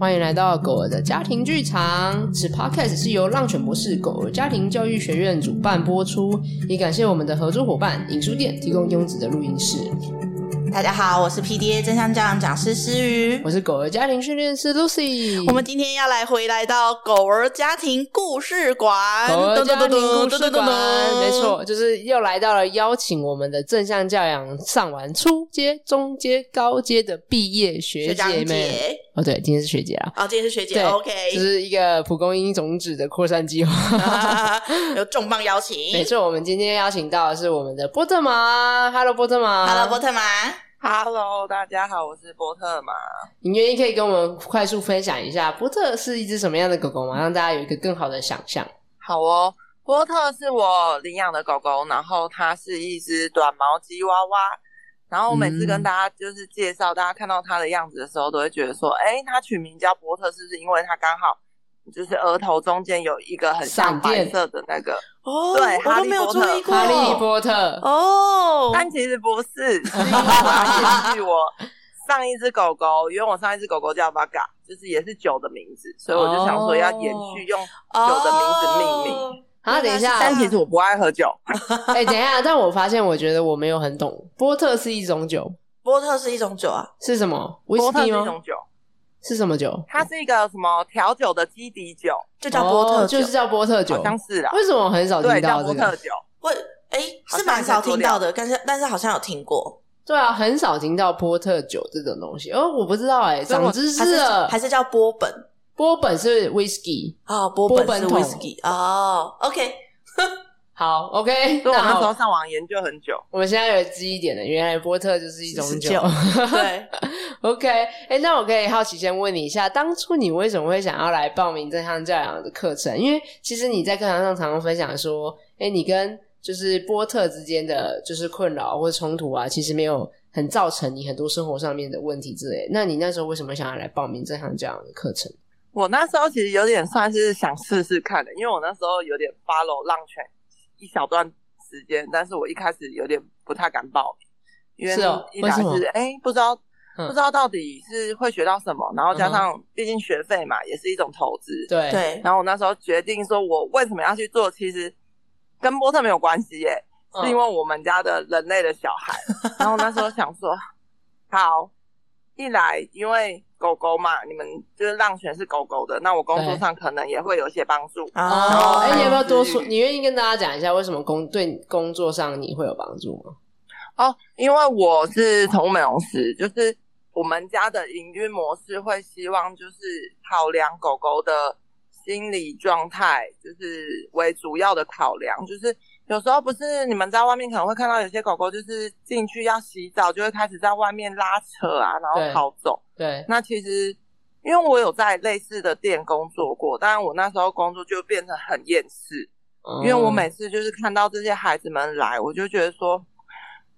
歡迎來到狗兒的家庭劇場。此 podcast 是由浪犬博士狗兒家庭教育學院主辦播出，也感謝我們的合作夥伴影書店提供優質的錄音室。大家好，我是 PDA 正向教養講師思雨，我是狗兒家庭訓練師 Lucy。我們今天要來回來到狗兒家庭故事館，狗兒家庭故事館，沒錯，就是又來到了邀請我們的正向教養上完初階、中階、高階的畢業學姐們。哦，對，今天是學姐啊！哦，今天是學姐，哦，OK，這是一個蒲公英種子的擴散計劃，啊，有重磅邀請。沒錯，我們今天邀請到的是我們的波特麻，Hello，波特麻，Hello，波特麻，Hello，大家好，我是波特麻。你願意可以跟我們快速分享一下波特是一只什麼樣的狗狗嗎？讓大家有一個更好的想象。好哦，波特是我領養的狗狗，然後它是一只短毛吉娃娃。然後我每次跟大家就是介紹，大家看到他的樣子的時候，嗯、都會覺得說，哎，他取名叫波特，是不是因為他剛好就是額頭中間有一個很像白色的那個？哦，對，我都沒有注意過哈利波特。哦，但其實不是，哈哈哈延續我上一只狗狗， 因為我上一只狗狗叫巴嘎，就是也是酒的名字，所以我就想說要延續用酒的名字命名。哦哦好、啊，等一下、啊！但其實我不愛喝酒。哎、 欸，等一下！但我發現，我覺得我沒有很懂。波特是一種酒。波特是一種酒啊？是什麼？波特是一種酒？是，種酒是什麼酒、哦？它是一個什麼調酒的基底酒，就叫波特酒、哦，就是叫波特酒，好像是啦。為什麼我很少聽到這個？波特酒？會，哎、欸，是蠻少聽到的，是但是但是好像有聽過。對啊，很少聽到波特酒這種東西。哦，我不知道哎、欸，長知識了。還是，還是叫波本？波本是威士忌啊，oh, 波本，波本是威士忌啊，OK， 好，OK，我那我們從上網研究很久，我們、嗯、現在有知一點了，原來波特就是一種酒，49, 對 ，OK，哎、欸，那我可以好奇先問你一下，當初你為什麼會想要來報名正向教養的課程？因為其實你在課堂上常，常常分享說，哎、欸，你跟就是波特之間的就是困擾或者衝突啊，其實沒有很造成你很多生活上面的問題之類。那你那時候為什麼想要來報名正向教養的課程？我那時候其實有點算是想試試看的，因為我那時候有點 follow 浪犬一小段時間，但是我一開始有點不太敢報名，因為一開始是，哎、哦欸、不知道、嗯、不知道到底是會學到什麼，然後加上畢竟學費嘛、嗯、也是一種投資，對，然後我那時候決定說我為什麼要去做，其實跟波特沒有關係耶、嗯，是因為我們家的人類的小孩， 然後那時候想說好。一來，因為狗狗嘛，你們就是浪犬是狗狗的，那我工作上可能也會有一些幫助。哦，哎、嗯，你要不要多說？你願意跟大家講一下為什麼工對工作上你會有幫助嗎？哦，因為我是寵物美容師，就是我們家的營運模式會希望就是考量狗狗的心理狀態，就是為主要的考量，就是。有時候不是你們在外面可能會看到有些狗狗就是進去要洗澡，就會開始在外面拉扯啊，然後逃走。對。對，那其實因為我有在類似的店工作過，但我那時候工作就變成很厭世，oh. 因為我每次就是看到這些孩子們來，我就覺得說，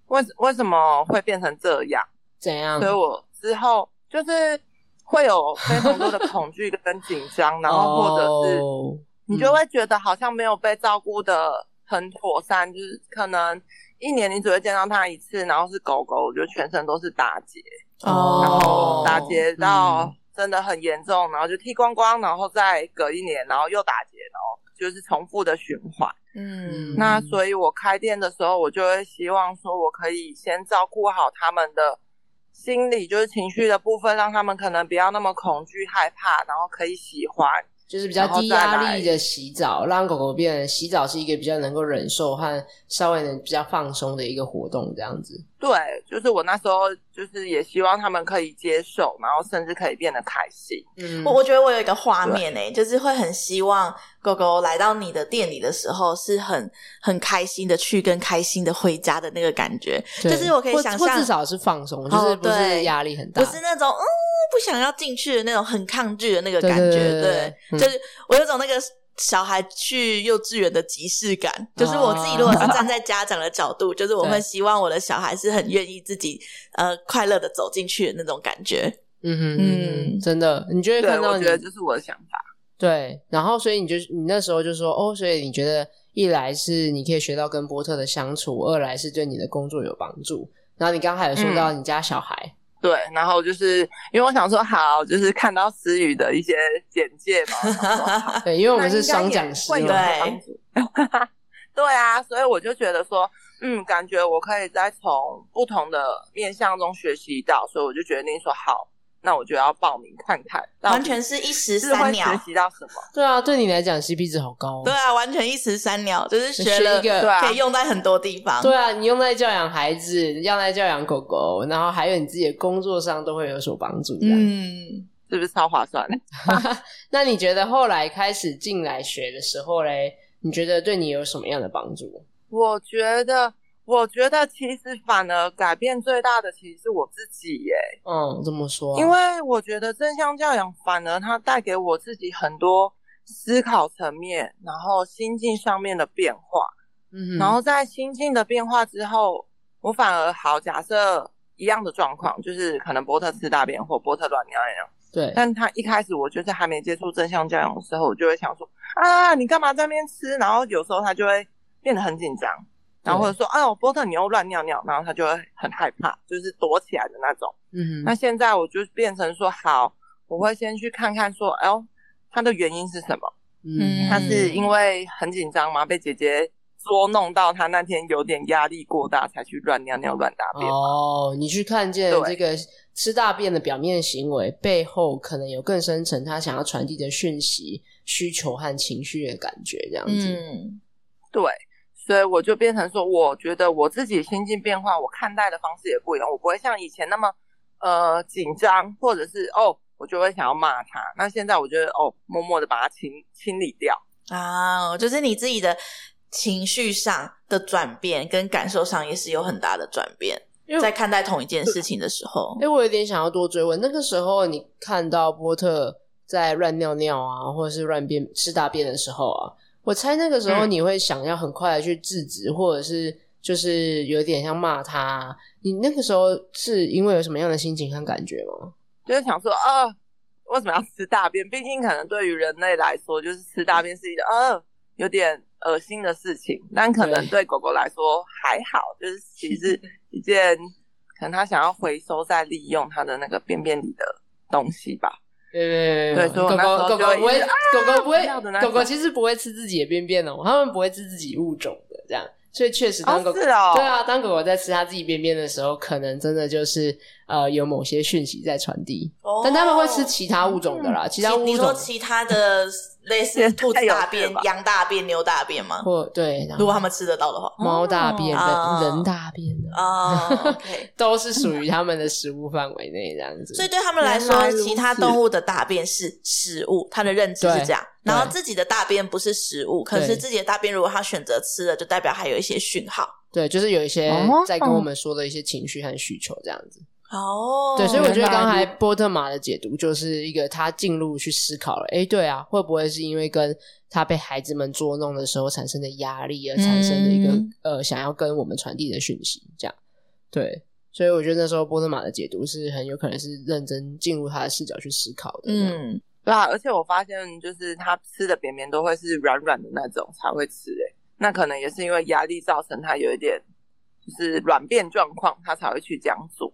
為為什麼會變成這樣？怎樣？所以我之後就是會有非常多的恐懼跟緊張， 然後或者是你就會覺得好像沒有被照顧的。很妥善，就是可能一年你只會見到它一次，然後是狗狗，我覺得全身都是打結，oh, 然後打結到真的很嚴重，嗯、然後就剃光光，然後再隔一年，然後又打結，然後就是重複的循環。嗯，那所以我開店的時候，我就會希望說，我可以先照顧好他們的心理，就是情緒的部分，讓他們可能不要那麼恐懼害怕，然後可以喜歡。就是比較低壓力的洗澡，讓狗狗變得洗澡是一個比較能夠忍受和稍微能比較放鬆的一個活動，這樣子。對，就是我那時候就是也希望他們可以接受，然後甚至可以變得開心。嗯，我我覺得我有一個畫面呢，就是會很希望狗狗來到你的店裡的時候是很很開心的去，跟開心的回家的那個感覺，對就是我可以想象至少是放鬆，就是不是壓力很大。哦，不是那種嗯。不想要進去的那種，很抗拒的那個感覺，對,對,對,對,對、嗯，就是我有種那個小孩去幼稚園的即視感、啊，就是我自己如果是站在家長的角度， 就是我會希望我的小孩是很願意自己呃快樂的走進去的那種感覺，嗯嗯嗯，真的，你就會看到，我覺得這是我的想法，對，然後所以你就你那時候就說哦，所以你覺得一來是你可以學到跟波特的相處，二來是對你的工作有幫助，然後你剛才有說到你家小孩。嗯對，然後就是因為我想說好，就是看到思雨的一些簡介嘛， 想說 對，因為我們是雙講師嘛，對， 對啊，所以我就覺得說，嗯，感覺我可以再從不同的面向中學習到，所以我就決定說好。那我就要報名看看，完全是一石三鳥，學習到什麼？對啊，對你來講 CP 值好高。對啊，完全一石三鳥，就是學了一個可以用在很多地方對啊。對啊，你用在教養孩子，用在教養狗狗，然後還有你自己的工作上都會有所幫助。嗯，是不是超划算？ 那你覺得後來開始進來學的時候嘞，你覺得對你有什麼樣的幫助？我覺得。我覺得其實反而改變最大的，其實是我自己耶。嗯，怎麼說？因為我覺得正向教養，反而它帶給我自己很多思考層面，然後心境上面的變化。嗯哼。然後在心境的變化之後，我反而好。假設一樣的狀況，就是可能波特吃大便或波特亂尿一樣。對。但他一開始，我就是還沒接觸正向教養的時候，我就會想說啊，你幹嘛在那邊吃？然後有時候他就會變得很緊張。然後或者說，哎呦，波特，你又亂尿尿，然後他就會很害怕，就是躲起來的那種。嗯，那現在我就變成說，好，我會先去看看，說，哎呦，他的原因是什麼？嗯，他是因為很緊張嘛，被姐姐捉弄到，他那天有點壓力過大，才去亂尿尿、亂大便。哦，你去看見這個吃大便的表面行為背後，可能有更深層他想要傳遞的訊息、需求和情緒的感覺，這樣子。嗯，對。所以我就變成說，我覺得我自己心境變化，我看待的方式也不一樣。我不會像以前那麼，呃，緊張，或者是哦，我就會想要罵他。那現在我覺得哦，默默的把它清清理掉啊、哦，就是你自己的情緒上的轉變跟感受上也是有很大的轉變。在看待同一件事情的時候，哎、欸，我有點想要多追問。那個時候你看到波特在亂尿尿啊，或者是亂便吃大便的時候啊。我猜那個時候你會想要很快的去制止，嗯，或者是就是有點像罵他。你那個時候是因為有什麼樣的心情和感覺嗎？就是想說啊，為、哦、什麼要吃大便？畢竟可能對於人類來說，就是吃大便是一個呃、哦、有點噁心的事情。但可能對狗狗來說還好，就是其實一件可能他想要回收再利用它的那個便便裡的東西吧。對對對，狗狗、嗯、狗狗不會，啊、狗狗不會，狗狗其實不會吃自己的便便的、哦，它們不會吃自己物種的，這樣，所以確實當狗狗，哦哦、對啊，當狗狗在吃它自己便便的時候，可能真的就是、呃、有某些訊息在傳遞、哦，但他們會吃其他物種的啦，嗯、其、其他物種你說其他的。 類似人人兔子大便、羊大便、牛大便嗎？或，對，然後，如果他們吃得到的話，貓大便、哦、哦、人人大便啊，哦 哦 okay. 都是屬於他們的食物範圍內這樣子。所以對他們來說，其他動物的大便是食物，他的認知是這樣。然後自己的大便不是食物，可是自己的大便如果他選擇吃了，就代表還有一些訊號。對，就是有一些在跟我們說的一些情緒和需求這樣子。哦哦哦、oh,，對，所以我覺得剛才波特麻的解讀就是一個他進入去思考了，哎，對啊，會不會是因為跟他被孩子們捉弄的時候產生的壓力而產生的一個、嗯、呃想要跟我們傳遞的訊息？這樣，對，所以我覺得那時候波特麻的解讀是很有可能是認真進入他的視角去思考的。嗯，對啊，而且我發現就是他吃的便便都會是軟軟的那種才會吃，欸，哎，那可能也是因為壓力造成他有一點就是軟便狀況，他才會去這樣做。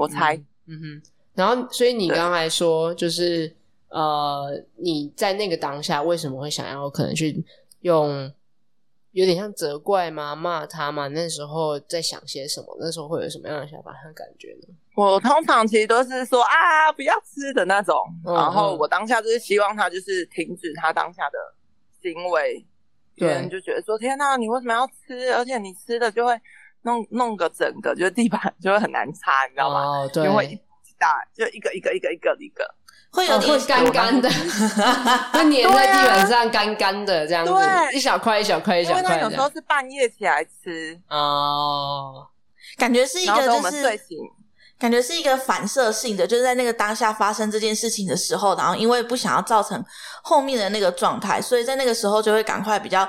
我猜嗯，嗯哼，然後，所以你剛才說，就是呃，你在那個當下為什麼會想要可能去用，有點像責怪嗎？罵他嗎？那時候在想些什麼？那時候會有什麼樣的想法和感覺呢？我通常其實都是說啊，不要吃的那種、嗯。然後我當下就是希望他就是停止他當下的行為。對，就覺得說，天哪，你為什麼要吃？而且你吃了就會。弄弄個整個，就是地板就會很難擦，你知道嗎？哦、oh，對，因為大就一個一個一個一個一個，會有點乾乾的，它 粘在地板上乾乾的這樣子，對一小塊一小塊一小塊，一小塊因為那有時候是半夜起來吃哦，oh, 感覺是一個就是感覺是一個反射性的，就是在那個當下發生這件事情的時候，然後因為不想要造成後面的那個狀態，所以在那個時候就會趕快比較。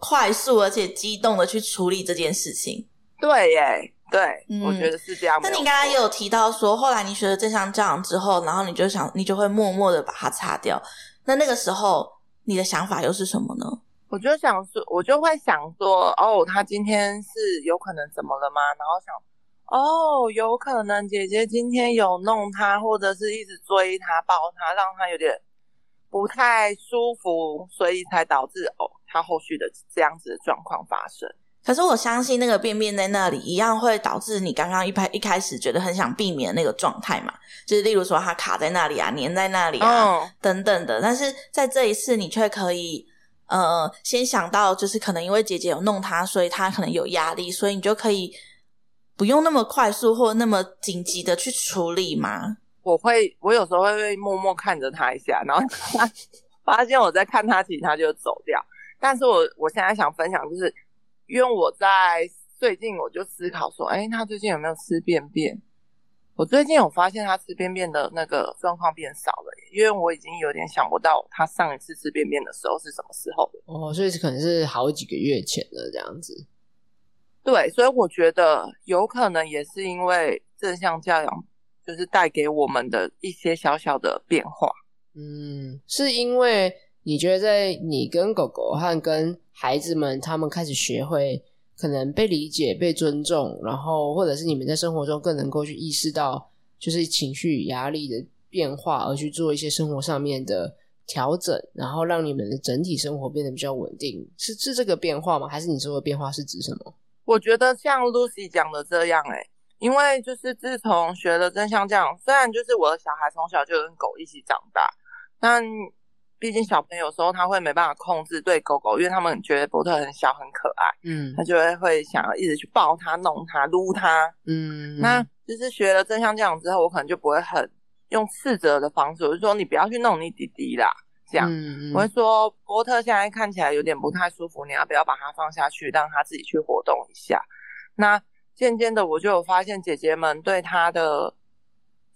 快速而且激動的去處理這件事情，對耶，對、嗯，我覺得是這樣。那你剛剛也有提到說，後來你學了正向教養之後，然後你就想，你就會默默的把它擦掉。那那個時候你的想法又是什麼呢？我就想說，我就會想說，哦，他今天是有可能怎麼了嗎？然後想，哦，有可能姐姐今天有弄他，或者是一直追他、抱他，讓他有點不太舒服，所以才導致哦。他後續的這樣子的狀況發生，可是我相信那個便便在那裡一樣會導致你剛剛一開一開始覺得很想避免那個狀態嘛，就是例如說它卡在那裡啊、粘在那裡啊、哦、等等的，但是在這一次你卻可以呃先想到，就是可能因為姐姐有弄他，所以他可能有壓力，所以你就可以不用那麼快速或那麼緊急的去處理嘛。我會我有時候會默默看着他一下，然後他發現我在看他，其實他就走掉。但是我我現在想分享，就是因為我在最近我就思考說，哎、欸，他最近有沒有吃便便？我最近有發現他吃便便的那個狀況變少了，因為我已經有點想不到他上一次吃便便的時候是什麼時候。哦，所以可能是好幾個月前了，這樣子。對，所以我覺得有可能也是因為正向教養，就是帶給我們的一些小小的變化。嗯，是因為。你覺得在你跟狗狗和跟孩子們，他們開始學會可能被理解、被尊重，然後或者是你們在生活中更能夠去意識到，就是情緒壓力的變化，而去做一些生活上面的調整，然後讓你們的整體生活變得比較穩定，是是這個變化嗎？還是你說的變化是指什麼？我覺得像 Lucy 講的這樣，誒，因為就是自從學了正向這樣，雖然就是我的小孩從小就跟狗一起長大，但。畢竟小朋友有時候他會沒辦法控制對狗狗，因為他們覺得波特很小很可愛，嗯，他就會會想要一直去抱他、弄他、擼他，嗯，那嗯就是學了正向教養之後，我可能就不會很用斥責的方式，我就說你不要去弄你弟弟啦，這樣，嗯、我會說波特現在看起來有點不太舒服，你要不要把它放下去，讓它自己去活動一下？那漸漸的我就有發現姐姐們對他的。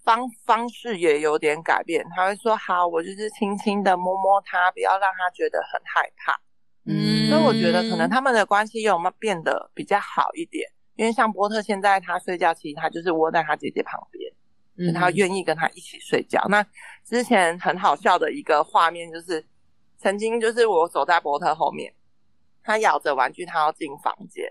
方方式也有點改變，他會說：“好，我就是輕輕的摸摸他，不要讓他覺得很害怕。”嗯，所以我覺得可能他們的關係有沒有變得比較好一點？因為像波特現在，他睡覺其實他就是窩在他姐姐旁邊，他願意跟他一起睡覺，嗯。那之前很好笑的一個畫面就是，曾經就是我走在波特後面，他咬着玩具，他要進房間，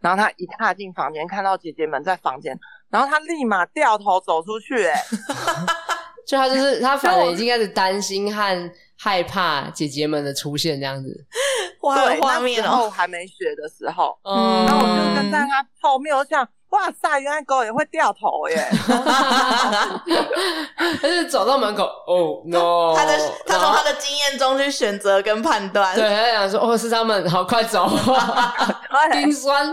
然後他一踏進房間，看到姐姐們在房間。然後他立馬掉頭走出去、欸，哈 就他就是他，反正已經開始擔心和害怕姐姐們的出現這樣子。 哇對，畫面！然後還沒學的時候，哦、嗯，然後我就跟在他後面，我想。哇塞，原來狗也會掉頭耶！但 是走到門口， 哦，no，他的他從他的經驗中去選擇跟判斷，對，他想說哦，是他們，好，快走，心 驚酸，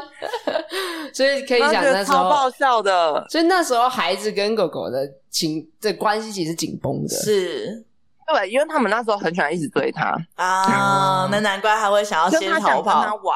所以可以想那時候超爆笑的，所以那時候孩子跟狗狗的情這關係其實緊繃的，是，對，因為他們那時候很喜歡一直追他啊、uh, 嗯，那難怪他會想要先逃跑，他，想跟他玩，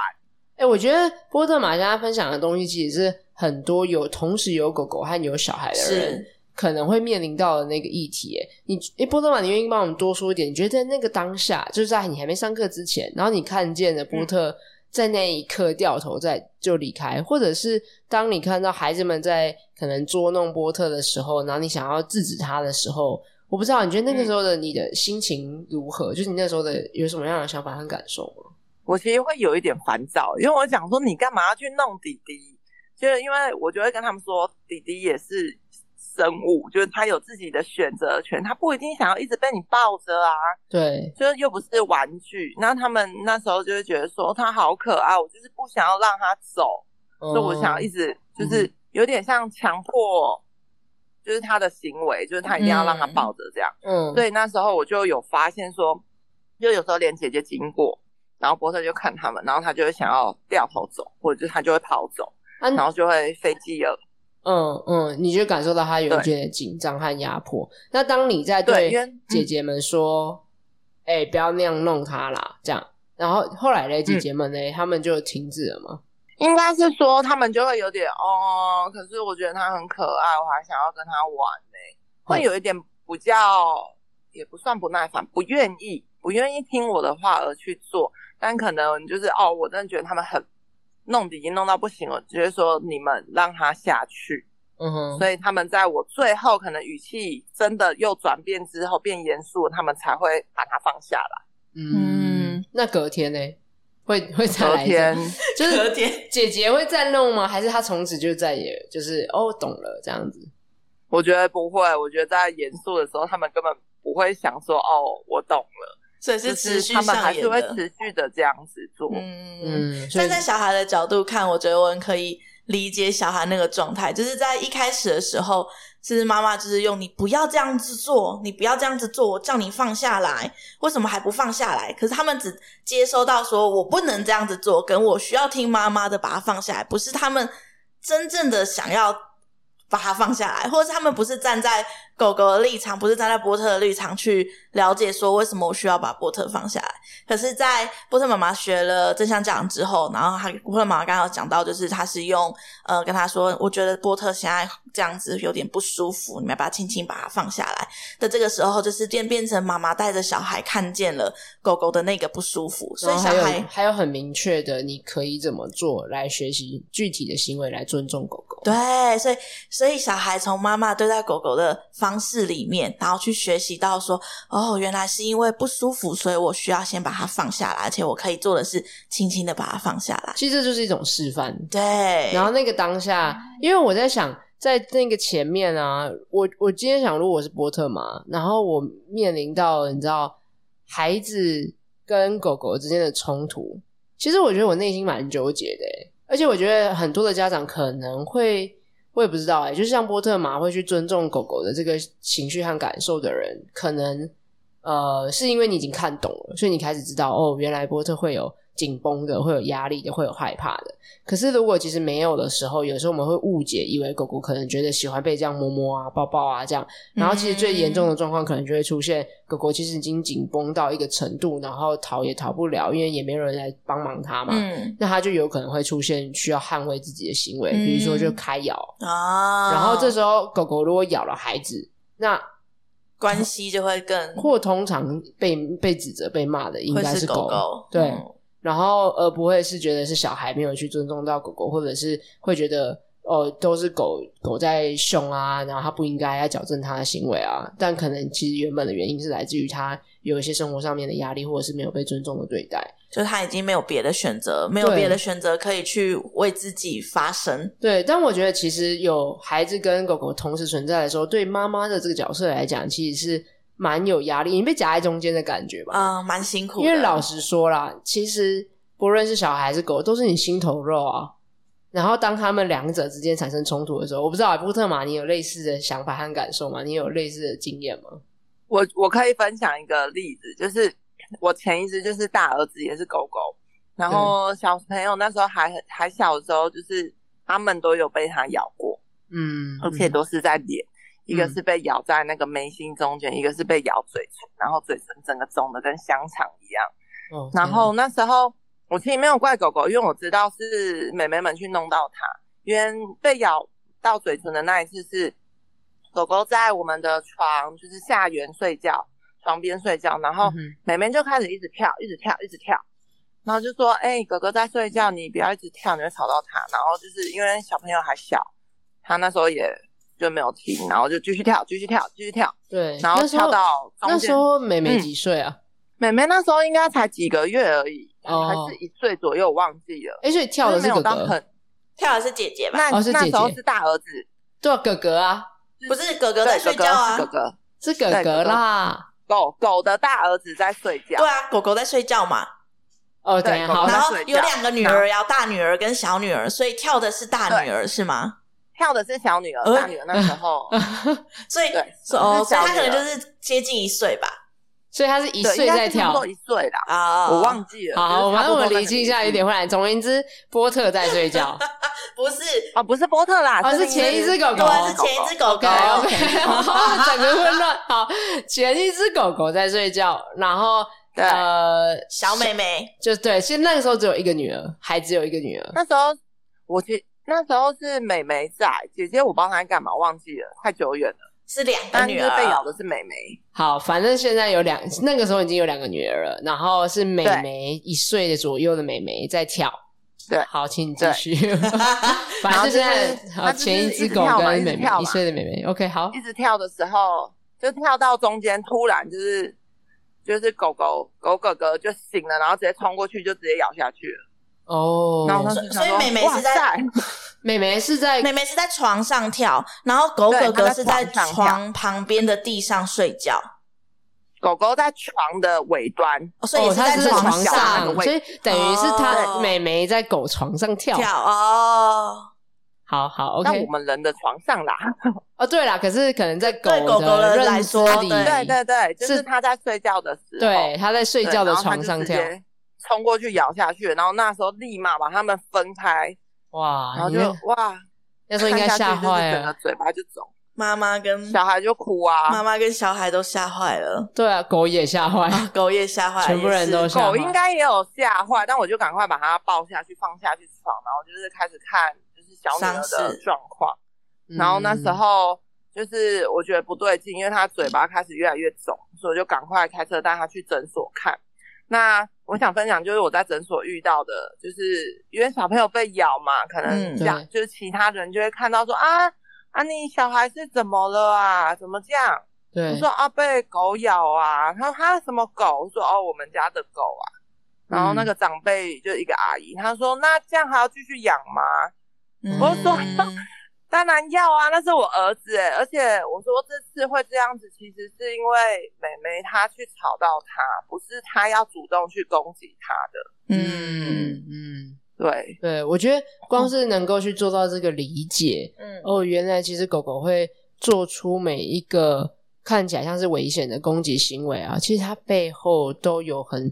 哎、欸，我覺得波特麻跟他分享的東西其實是。很多有同時有狗狗和有小孩的人，是可能會面臨到的那個議題。你，哎、欸，波特麻，你願意幫我們多說一點？你覺得在那個當下，就是在你還沒上課之前，然後你看見了波特在那一刻掉頭在就離開、嗯，或者是當你看到孩子們在可能捉弄波特的時候，然後你想要制止他的時候，我不知道你覺得那個時候的你的心情如何？嗯、就是你那時候的有什麼樣的想法和感受嗎？我其實會有一點煩躁，因為我想說你幹嘛要去弄弟弟。就是因為我就會跟他們說，弟弟也是生物，就是他有自己的選擇權，他不一定想要一直被你抱着啊。對，就是又不是玩具。那他們那時候就會覺得說他好可愛，我就是不想要讓他走，嗯、所以我想要一直就是有點像強迫，就是他的行為，就是他一定要讓他抱着這樣嗯。嗯，所以那時候我就有發現說，就有時候連姐姐經過，然後波特就看他們，然後他就會想要掉頭走，或者就他就會跑走。啊、然後就會飛機了。嗯嗯，你就感受到他有一點緊張和壓迫。那當你在對，對姐姐們說：“哎、嗯欸，不要那樣弄他啦。”這樣，然後後來那姐姐們呢、嗯，他們就停止了嗎？應該是說他們就會有點哦。可是我覺得他很可愛，我還想要跟他玩呢、欸。會有一點不叫、嗯，也不算不耐煩，不願意，不願意聽我的話而去做。但可能就是哦，我真的覺得他們很。弄得已經弄到不行了，只、就是說你們讓他下去。嗯哼，所以他們在我最後可能語氣真的又轉變之後變嚴肅，他們才會把他放下來。嗯，那隔天呢？會會？隔天、嗯、就是隔天，姐姐會再弄嗎？還是他從此就再也就是哦，懂了這樣子？我覺得不會，我覺得在嚴肅的時候，他們根本不會想說哦，我懂了。所以是持續上演的，就是，他們還是會持續的這樣子做。嗯嗯，站在小孩的角度看，我覺得我們可以理解小孩那個狀態，就是在一開始的時候，其實媽媽就是用“你不要這樣子做，你不要這樣子做，我叫你放下來”，為什麼還不放下來？可是他們只接收到說“說我不能這樣子做”跟“我需要聽媽媽的，把它放下來”，不是他們真正的想要把它放下來，或者他們不是站在。狗狗的立場，不是站在波特的立場去了解，說為什麼我需要把波特放下來。可是，在波特媽媽學了正向教養之後，然後他波特媽媽剛剛講到，就是他是用呃跟他說，我覺得波特現在這樣子有點不舒服，你們要把它輕輕把它放下來。的這個時候，就是變變成媽媽帶着小孩看見了狗狗的那個不舒服，所以小孩還有很明確的你可以怎麼做來學習具體的行為來尊重狗狗。對，所以所以小孩從媽媽對待狗狗的。方式裡面，然後去學習到說，哦，原來是因為不舒服，所以我需要先把它放下來，而且我可以做的是輕輕的把它放下來。其實這就是一種示範，對。然後那個當下，因為我在想，在那個前面啊，我我今天想，如果我是波特麻，然後我面臨到，你知道，孩子跟狗狗之間的衝突，其實我覺得我內心蠻糾結的，而且我覺得很多的家長可能會。我也不知道哎、欸，就是像波特麻，會去尊重狗狗的這個情緒和感受的人，可能呃，是因為你已經看懂了，所以你開始知道哦，原來波特會有。緊繃的會有壓力的會有害怕的，可是如果其實沒有的時候，有時候我們會誤解，以為狗狗可能覺得喜歡被這樣摸摸啊、抱抱啊這樣。然後其實最嚴重的狀況可能就會出現，嗯、狗狗其實已經緊繃到一個程度，然後逃也逃不了，因為也沒有人來幫忙它嘛。嗯、那它就有可能會出現需要捍衛自己的行為，嗯，比如說就開咬啊、哦。然後這時候狗狗如果咬了孩子，那關係就會更，或通常被被指責被罵的應該是狗狗，狗對。嗯然後，呃，不會是覺得是小孩沒有去尊重到狗狗，或者是會覺得哦，都是狗狗在凶啊，然後他不應該要矯正他的行為啊。但可能其實原本的原因是來自於他有一些生活上面的壓力，或者是沒有被尊重的對待，就是、他已經沒有別的選擇，沒有別的選擇可以去為自己發聲。對，對，但我覺得其實有孩子跟狗狗同時存在的時候，對媽媽的這個角色來講，其實是。蠻有壓力，你被夾在中間的感覺吧？啊、嗯，蠻辛苦的。因為老實說啦，其實不論是小孩還是狗，都是你心頭肉啊。然後當他們兩者之間產生衝突的時候，我不知道艾波特麻你有類似的想法和感受嗎？你有類似的經驗嗎？我我可以分享一個例子，就是我前一隻就是大兒子也是狗狗，然後小朋友那時候還還小的時候，就是他們都有被他咬過，嗯，而且都是在臉。嗯一個是被咬在那個眉心中間、嗯，一個是被咬嘴唇，然後嘴唇整個腫的跟香腸一樣。嗯、哦，然後那時候我其實沒有怪狗狗，因為我知道是妹妹們去弄到它。因為被咬到嘴唇的那一次是狗狗在我們的床就是下緣睡覺，床邊睡覺，然後妹妹就開始一直跳，一直跳，一直跳，然後就說：“哎、欸，狗狗在睡覺，你不要一直跳，你會吵到他。”然後就是因為小朋友還小，他那時候也。就沒有停，然後就繼續跳，繼續跳，繼續跳。對，然後跳到那時候，時候妹妹幾歲啊、嗯？妹妹那時候應該才幾個月而已，哦、還是一歲左右，忘記了。哎、欸，所以跳的是哥哥、就是、沒有當哥，跳的是姐姐吧？那、哦、姐姐那時候是大兒子，對、哦，哥哥啊，不是哥哥在睡覺啊，是，哥哥，是，哥，哥，是，哥，哥，是哥哥，是哥哥啦，嗯、狗狗的大兒子在睡覺。對啊，狗狗在睡覺嘛。哦，對，好，然後有兩個女兒，有大女兒跟小女兒，所以跳的是大女兒、嗯、是嗎？跳的是小女兒、呃，大女兒那時候，所、呃、以，所以她可能就是接近一歲吧，所以她是一歲在跳，是一歲啦，啊、哦，我忘記了。好，好我們我們理清一下一點回來，有點混亂。總而言之，波特在睡覺， 不是、哦、不是波特啦，哦、而是前一隻狗狗對，是前一隻狗狗，OK, OK, OK, 整個混亂。好， 前一隻狗狗在睡覺，然後對呃，小妹妹就對，其實那個時候只有一個女兒，還只有一個女兒。那時候我去。那時候是妹妹在姐姐，我幫她幹嘛？忘記了，太久遠了。是兩個女兒，但是被咬的是妹妹。好，反正現在有兩，那個時候已經有兩個女兒了。然後是妹妹，一歲的左右的妹妹在跳。對，好，請你繼續。 反正就是，它、 就是、前一只狗跟妹妹一歲的妹妹。OK，好。一直跳的時候，就跳到中間，突然就是就是狗狗狗哥哥就醒了，然後直接衝過去，就直接咬下去了。哦、oh,，所以妹妹是在妹妹是在妹妹 是，是在床上跳，然後狗哥哥是在床旁邊的地上睡覺。狗狗在床的尾端，哦，所以它是在床上、哦、是床上，所以等於是它妹妹在狗床上跳。跳哦，好好，那、okay、我們人的床上啦。 哦，對啦，可是可能在狗對能狗狗人來說、哦，對對對，是就是它在睡覺的時候，對它在睡覺的床上跳。對衝過去咬下去，然後那時候立馬把他們分開，哇，然後就哇，那時候應該嚇壞了，整個嘴巴就腫，媽媽跟小孩就哭啊，媽媽跟小孩都嚇壞了，對啊，狗也嚇壞， 狗也嚇壞了，全部人都嚇壞，狗應該也有嚇壞，但我就趕快把它抱下去，放下去床，然後就是開始看就是小女兒的狀況，然後那時候就是我覺得不對勁、嗯，因為他嘴巴開始越來越腫，所以我就趕快開車帶他去診所看，那。我想分享，就是我在診所遇到的，就是因為小朋友被咬嘛，可能這樣、嗯，就是其他人就會看到說啊啊，啊你小孩是怎麼了啊？怎麼這樣？對，我說啊，被狗咬啊。然後他說他什麼狗？我說哦，我們家的狗啊、嗯。然後那個長輩就一個阿姨，她說那這樣還要繼續養嗎？我就說。嗯 當然要啊，那是我兒子哎！而且我說這次會這樣子，其實是因為妹妹她去吵到他，不是他要主動去攻擊他的。嗯嗯，對對，我覺得光是能夠去做到這個理解，嗯，哦，原來其實狗狗會做出每一個看起來像是危險的攻擊行為啊，其實它背後都有很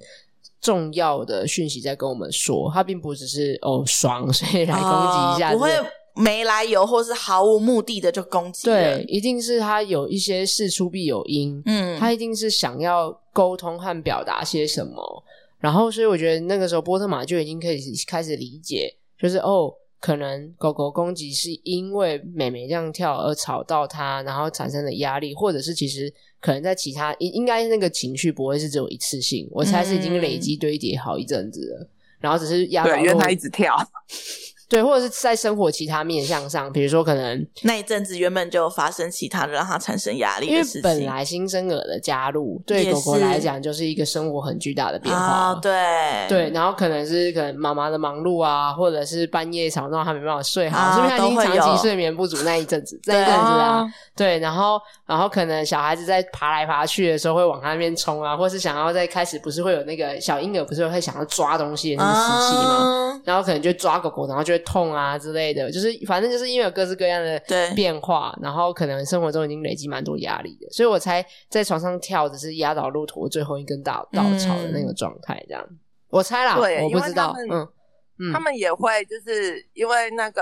重要的訊息在跟我們說，它並不只是哦爽，所以來攻擊一下子。啊就是沒來由或是毫無目的的就攻擊，對，一定是他有一些事出必有因，嗯，他一定是想要溝通和表達些什麼。然後，所以我覺得那個時候波特麻就已經可以開始理解，就是哦，可能狗狗攻擊是因為妹妹這樣跳而吵到他，然後產生了壓力，或者是其實可能在其他應應該那個情緒不會是只有一次性，我猜是已經累積堆疊好一陣子了，嗯，然後只是壓倒。對，因為他一直跳。 對，或者是在生活其他面向上，比如說可能那一陣子原本就發生其他的讓他產生壓力，因為本來新生兒的加入對狗狗來講就是一個生活很巨大的變化，對對，然後可能是可能媽媽的忙碌啊，或者是半夜吵鬧他沒辦法睡好，啊，是不是他已經長期睡眠不足那一陣子，那一陣子啊，對，啊對，然後然後可能小孩子在爬來爬去的時候會往他那邊衝啊，或是想要在開始不是會有那個小嬰兒不是會想要抓東西的那個時期嗎？啊？然後可能就抓狗狗，然後就。痛啊之類的，就是反正就是因為有各式各樣的變化，然後可能生活中已經累積蠻多壓力的，所以我才在床上跳只是壓倒駱駝最後一根大稻草的那個狀態，這樣，嗯。我猜啦對，我不知道。他嗯他們也會就是因為那個，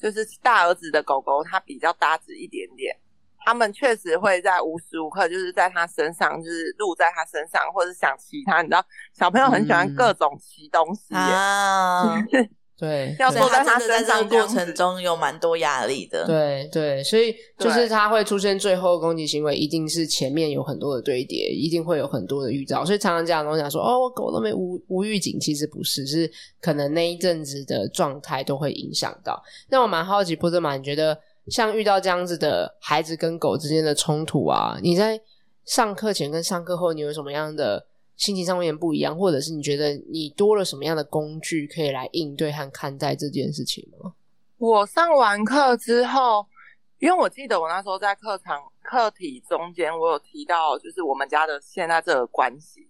就是大兒子的狗狗它比較大隻一點點，他們確實會在無時無刻就是在它身上，就是擼在它身上，或者想騎它。你知道，小朋友很喜歡各種騎東西 對，要在他成長過程中有蠻多壓力的。對對，所以就是他會出現最後攻擊行為，一定是前面有很多的堆疊，一定會有很多的預兆。所以常常這樣跟我講說哦，我狗都沒無無預警，其實不是，是可能那一陣子的狀態都會影響到。那我蠻好奇，波特麻，你覺得像遇到這樣子的孩子跟狗之間的衝突啊，你在上課前跟上課後，你有什麼樣的？心情上面不一樣，或者是你覺得你多了什麼樣的工具可以來應對和看待這件事情嗎？我上完課之後，因為我記得我那時候在課堂課題中間，我有提到就是我們家的現在這個關係，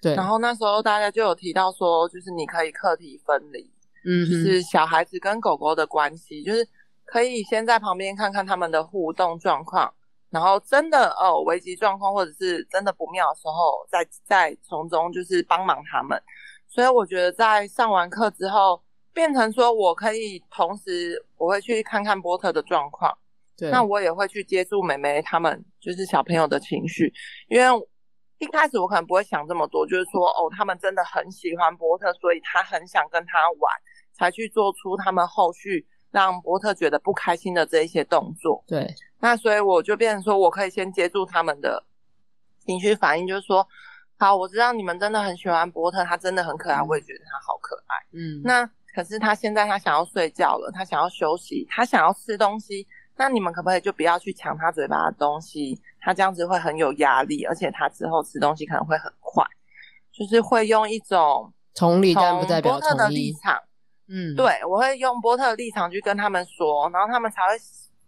對。然後那時候大家就有提到說，就是你可以課題分離，嗯，就是小孩子跟狗狗的關係，就是可以先在旁邊看看他們的互動狀況。然後真的哦，危急狀況或者是真的不妙的時候，再再從中就是幫忙他們，所以我覺得在上完課之後，變成說我可以同時我會去看看波特的狀況，對，那我也會去接觸妹妹他們，就是小朋友的情緒，因為一開始我可能不會想這麼多，就是說哦，他們真的很喜歡波特，所以他很想跟他玩，才去做出他們後續。讓波特覺得不開心的這一些動作，對，那所以我就變成說我可以先接住他們的情緒反應，就是說，好，我知道你們真的很喜歡波特，他真的很可愛，嗯，我也覺得他好可愛，嗯，那可是他現在他想要睡覺了，他想要休息，他想要吃東西，那你們可不可以就不要去搶他嘴巴的東西？他這樣子會很有壓力，而且他之後吃東西可能會很快，就是會用一種同理但不代表認同的立場。嗯，對，我會用波特的立場去跟他們說，然後他們才會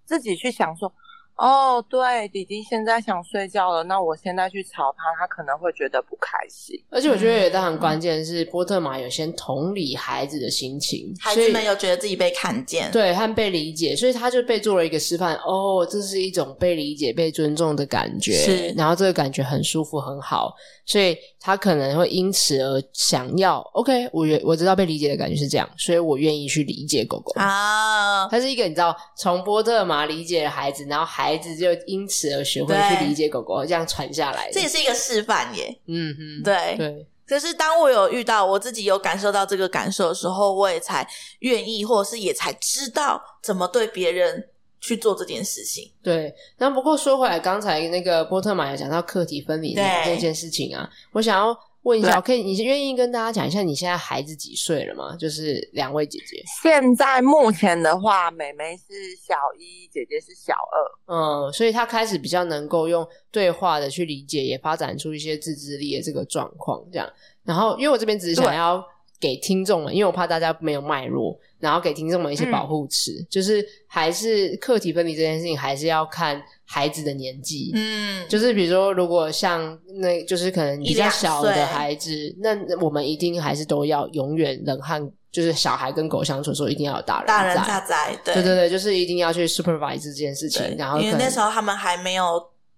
自己去想說。哦、oh,，對，弟弟現在想睡覺了，那我現在去吵他，他可能會覺得不開心。而且我覺得也很關鍵的是，波特麻有先同理孩子的心情，嗯、孩子們有覺得自己被看見，對，和被理解，所以他就被做了一個示範。哦，這是一種被理解、被尊重的感覺，是，然後這個感覺很舒服、很好，所以他可能會因此而想要。OK，我我知道被理解的感覺是這樣，所以我願意去理解狗狗啊。Oh. 他是一個，你知道，從波特麻理解了孩子，然後孩孩子就因此而學會去理解狗狗，這樣傳下來的，這也是一個示範耶。嗯嗯，對對。可是當我有遇到我自己有感受到這個感受的時候，我也才願意，或者是也才知道怎麼對別人去做這件事情。對。那不過說回來，剛才那個波特麻也講到課題分離這件事情啊，我想要。問一下，可以？你願意跟大家講一下你現在孩子幾歲了嗎？就是兩位姐姐，現在目前的話，妹妹是小一，姐姐是小二。嗯，所以她開始比較能夠用對話的去理解，也發展出一些自制力的這個狀況。這樣，然後因為我這邊只是想要。給聽眾們，因為我怕大家沒有脈絡，然後給聽眾們一些保護詞，嗯，就是還是課題分離這件事情，還是要看孩子的年紀。嗯，就是比如說，如果像那就是可能比較小的孩子，那我們一定還是都要永遠冷汗，就是小孩跟狗相處的時候一定要有大人在。大人在在，對對對，就是一定要去 supervise 這件事情，然後可能因為那時候他們還沒有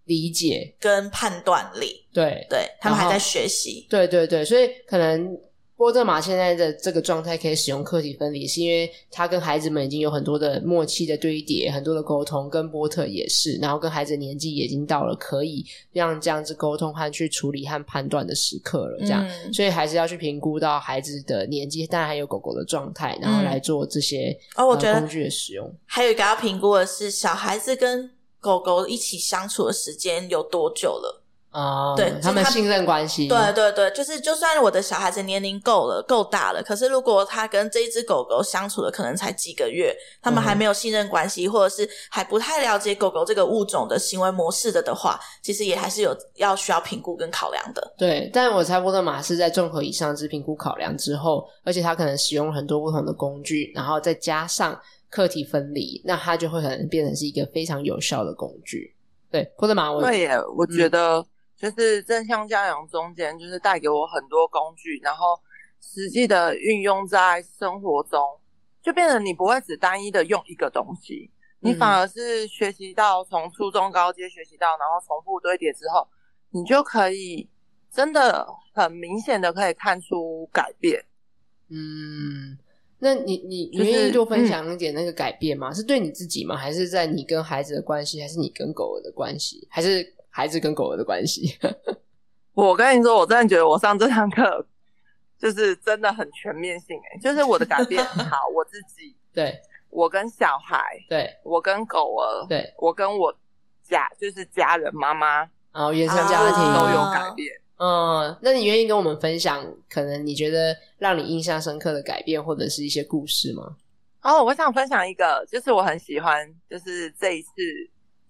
理解跟判斷力，對對，他們還在學習，對，對對對，所以可能。波特麻現在的這個狀態可以使用課題分離，是因為他跟孩子們已經有很多的默契的堆疊，很多的溝通，跟波特也是，然後跟孩子的年紀已經到了可以讓這樣子溝通和去處理和判斷的時刻了，這樣，嗯、所以還是要去評估到孩子的年紀，當然還有狗狗的狀態，然後來做這些、嗯、工具的使用。哦、我覺得還有一個要評估的是，小孩子跟狗狗一起相處的時間有多久了？啊、uh,，對，他們信任關係，對對對，就是就算我的小孩子年齡夠了，夠大了，可是如果他跟這一只狗狗相處的可能才幾個月，他們還沒有信任關係，uh -huh. 或者是還不太了解狗狗這個物種的行為模式的的話，其實也還是有要需要評估跟考量的。對，但我猜波特麻是在綜合以上之評估考量之後，而且他可能使用很多不同的工具，然後再加上課題分離，那他就會可能變成是一個非常有效的工具。對，波特麻，我，對，我覺得、嗯。就是正向教養中間，就是帶給我很多工具，然後實際的運用在生活中，就變成你不會只單一的用一個東西，你反而是學習到從初中高階學習到，然後重複堆疊之後，你就可以真的很明顯的可以看出改變。嗯，那你你願意就分享一點那個改變嗎、就是嗯？是對你自己嗎？還是在你跟孩子的關係，還是你跟狗的關係，還是？孩子跟狗兒的關係， 我跟你說，我真的覺得我上這堂課就是真的很全面性哎，就是我的改變，很 好，我自己，對，我跟小孩，對，我跟狗兒，對，我跟我家就是家人，媽媽，然後原生家庭都有改變，哦啊。嗯，那你願意跟我們分享，可能你覺得讓你印象深刻的改變，或者是一些故事嗎？哦，我想分享一個，就是我很喜歡，就是這一次。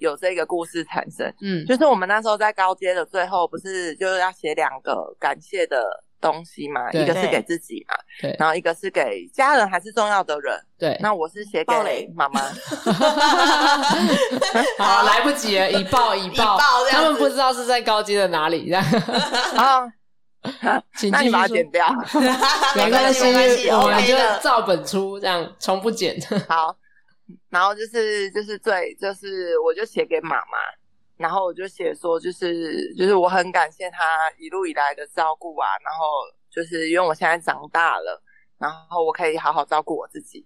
有這個故事產生，嗯，就是我們那時候在高階的最後，不是就是要寫兩個感謝的東西嘛？一個是給自己嘛、啊，對，然後一個是給家人還是重要的人。對，那我是寫給媽媽。 好， 來不及了，了 一爆爆 一爆爆， 他們不知道是在高階的哪裡這樣。 好、啊，請 請把剪掉、啊 沒，沒關係，沒關係，我們就照本出，okay、這樣從不剪。好。 然後就是就是對，就是我就寫給媽媽，然後我就寫說就是就是我很感謝她一路以來的照顧啊，然後就是因為我現在長大了，然後我可以好好照顧我自己。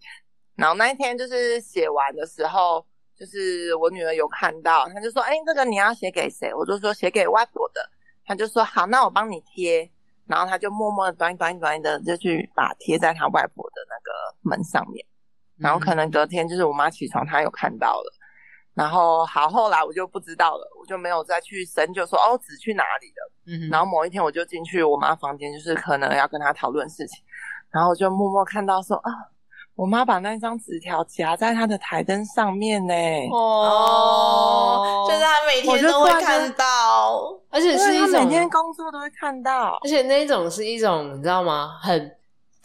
然後那一天就是寫完的時候，就是我女兒有看到，她就說：“哎、欸，這個你要寫給誰？”我就說：“寫給外婆的。”她就說：“好，那我幫你貼。”然後她就默默的，短短短的就去把貼在她外婆的那個門上面。然後可能隔天就是我媽起床，她有看到了、嗯。然後好，後來我就不知道了，我就沒有再去深究說哦，紙去哪裡了。嗯，然後某一天我就進去我媽房間，就是可能要跟她討論事情，然後我就默默看到說啊，我媽把那張紙條夾在她的台燈上面呢、哦。哦，就是她每天都會看到，就就而且是，她每天工作都會看到。而且那種是一種你知道嗎？很。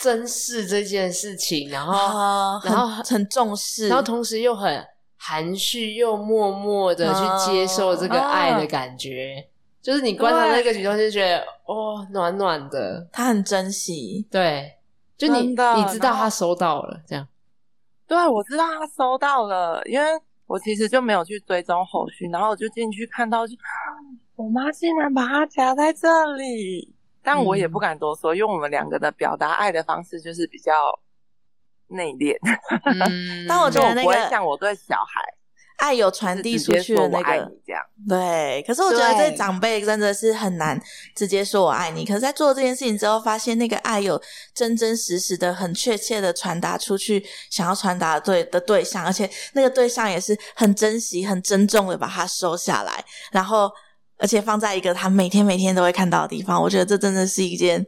珍視這件事情，然後，啊、然後很重視，然後同時又很含蓄，又默默的去接受這個愛的感覺，啊啊、就是你觀察那個舉動，就覺得哦，暖暖的，他很珍惜，對，就你你知道他收到了，這樣，對我知道他收到了，因為我其實就沒有去追蹤後續，然後我就進去看到，就啊、我媽竟然把它夾在這裡。但我也不敢多說，嗯、用我們兩個的表達愛的方式就是比較內斂。嗯、 但我覺得、那個、我不會像我對小孩愛有傳遞出去的那個，這樣、嗯、對。可是我覺得這長輩真的是很難直接說我愛你。可是在做這件事情之後，發現那個愛有真真實實的、很確切的傳達出去，想要傳達對的對象，而且那個對象也是很珍惜、很珍重的把它收下來，然後。而且放在一個他每天每天都會看到的地方，我覺得這真的是一件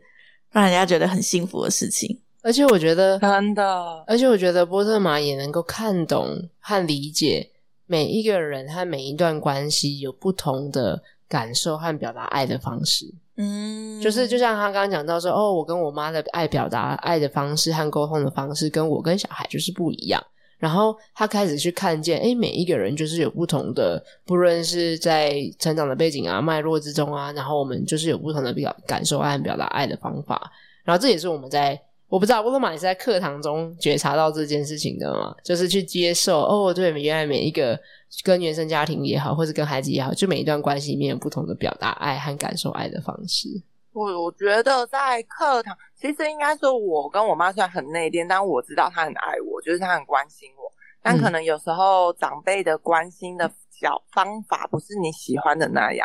讓人家覺得很幸福的事情。而且我覺得真的，而且我覺得波特麻也能夠看懂和理解每一個人和每一段關係有不同的感受和表達愛的方式。嗯，就是就像他剛剛講到說，哦，我跟我媽的愛表達愛的方式和溝通的方式，跟我跟小孩就是不一樣。然後他開始去看見，哎，每一個人就是有不同的，不論是在成長的背景啊、脈絡之中啊，然後我們就是有不同的表感受愛和表達愛的方法。然後這也是我們在我不知道，波特麻你是在課堂中覺察到這件事情的嘛？就是去接受哦，對，原來每一個跟原生家庭也好，或者跟孩子也好，就每一段關係裡面有不同的表達愛和感受愛的方式。我我覺得在課堂，其實應該說，我跟我媽雖然很內斂，但我知道她很愛我，就是她很關心我。但可能有時候長輩的關心的小方法不是你喜歡的那樣。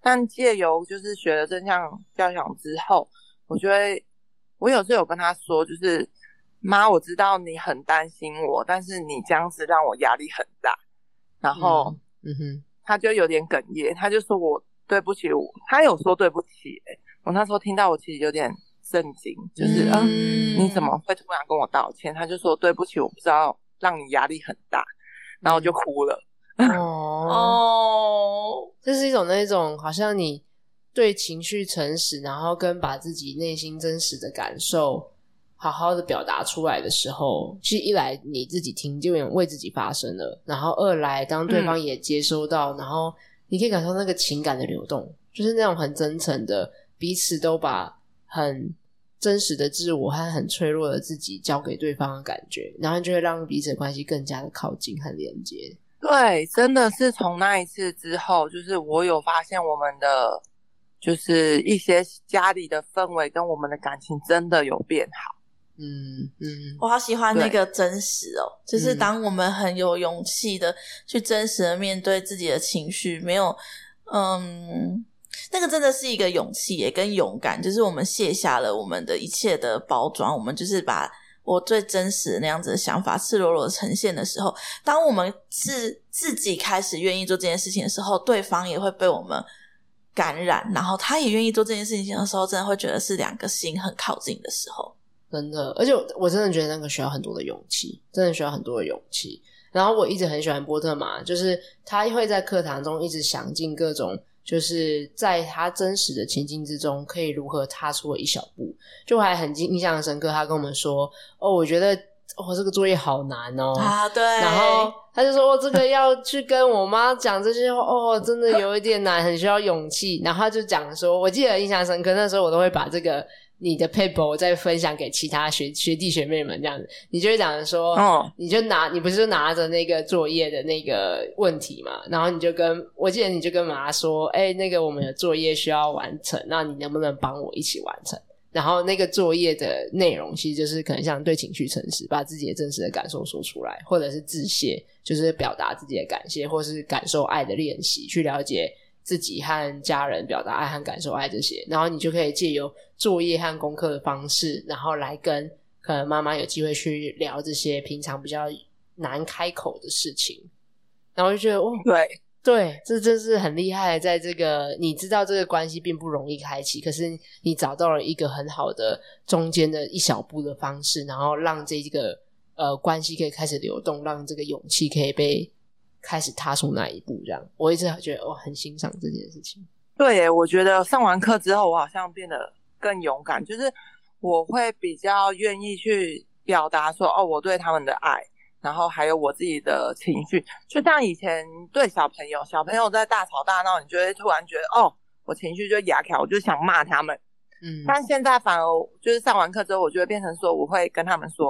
但借由就是學了正向教養之後，我覺得我有時候有跟她說，就是媽，媽我知道你很擔心我，但是你這樣子讓我壓力很大。然後，嗯哼，她就有點哽咽，她就說：“我對不起我。”她有說對不起、欸。我那時候聽到，我其實有點震驚，就是、嗯、啊，你怎麼會突然跟我道歉？他就說對不起，我不知道讓你壓力很大，然後我就哭了。嗯、 哦，這是一種那一種好像你對情緒誠實，然後跟把自己內心真實的感受好好的表達出來的時候，其實一來你自己聽就為為自己發聲了，然後二來當對方也接收到、嗯，然後你可以感受到那個情感的流動，就是那種很真誠的。彼此都把很真實的自我和很脆弱的自己交給對方的感覺，然後就會讓彼此的關係更加的靠近、很連接。對，真的是從那一次之後，就是我有發現我們的就是一些家裡的氛圍跟我們的感情真的有變好。嗯嗯，我好喜歡那個真實哦，就是當我們很有勇氣的去真實的面對自己的情緒，沒有嗯。那個真的是一個勇氣也跟勇敢，就是我們卸下了我們的一切的包裝，我們就是把我最真實的那樣子的想法赤裸裸地呈現的時候，當我們自自己開始願意做這件事情的時候，對方也會被我們感染，然後他也願意做這件事情的時候，真的會覺得是兩個心很靠近的時候。真的，而且我,我真的覺得那個需要很多的勇氣，真的需要很多的勇氣。然後我一直很喜歡波特麻，就是他會在課堂中一直想盡各種。就是在他真實的情境之中，可以如何踏出了一小步？就還很印象深刻，他跟我們說：“哦，我覺得哦，這個作業好難哦。”啊，對。然後他就說：“哦，這個要去跟我媽講這些話，哦，真的有一點難，很需要勇氣。 ”然後他就講說，我記得印象深刻，那時候我都會把這個。你的 paper 我再分享給其他學學弟學妹們這樣子，你就會講說，oh. 你就拿你不是就拿着那個作業的那個問題嘛，然後你就跟我記得你就跟媽說，誒、欸，那個我們的作業需要完成，那你能不能幫我一起完成？然後那個作業的內容其實就是可能像對情緒誠實，把自己的真實的感受說出來，或者是致謝，就是表達自己的感謝或是感受愛的練習，去了解自己和家人，表達愛和感受愛這些，然後你就可以借由。作業和功課的方式，然後來跟可能媽媽有機會去聊這些平常比較難開口的事情，然後就覺得，哇，對對，這真是很厲害的，在這個你知道這個關係並不容易開啟，可是你找到了一個很好的中間的一小步的方式，然後讓這個呃關係可以開始流動，讓這個勇氣可以被開始踏出那一步。這樣我一直覺得我很欣賞這件事情。對，我覺得上完課之後，我好像變得更勇敢，就是我會比較願意去表達說，哦，我對他們的愛，然後還有我自己的情緒。就像以前對小朋友，小朋友在大吵大鬧，你就會突然覺得，哦，我情緒就啞起來，我就想罵他們。嗯，但現在反而就是上完課之後，我就會變成說，我會跟他們說，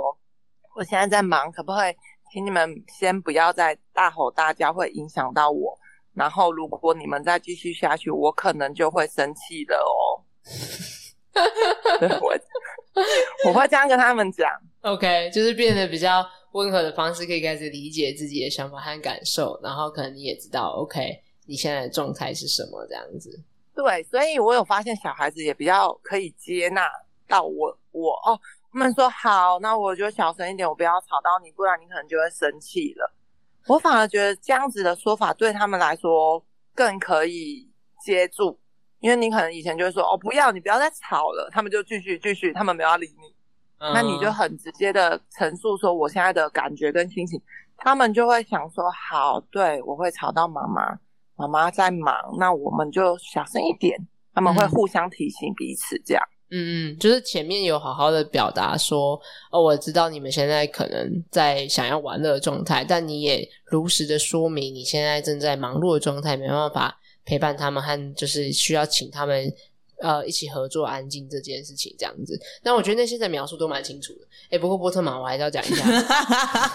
我現在在忙，可不可以請你們先不要再大吼大叫，會影響到我。然後如果你們再繼續下去，我可能就會生氣了哦。 哈哈哈我我會這樣跟他們講，OK，就是變得比較溫和的方式，可以開始理解自己的想法和感受，然後可能你也知道，OK，你現在的狀態是什麼這樣子。對，所以我有發現小孩子也比較可以接納到我，我哦，他們說好，那我就小聲一點，我不要吵到你，不然你可能就會生氣了。我反而覺得這樣子的說法對他們來說更可以接住。因為你可能以前就會說哦，不要，你不要再吵了，他們就繼續繼續，他們沒有要理你，嗯，那你就很直接的陳述說我現在的感覺跟心情，他們就會想說好，對，我會吵到媽媽，媽媽在忙，那我們就小聲一點，他們會互相提醒彼此這樣。嗯嗯，就是前面有好好的表達說哦，我知道你們現在可能在想要玩樂的狀態，但你也如實的說明你現在正在忙碌的狀態，沒辦法。陪伴他們和就是需要請他們呃一起合作安靜這件事情這樣子，那我覺得那些的描述都蠻清楚的。哎，不過波特麻我還是要講一下，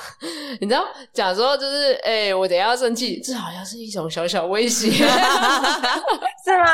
你知道，假說就是哎，我等下要生氣，這好像是一種小小威脅，是嗎？ 是嗎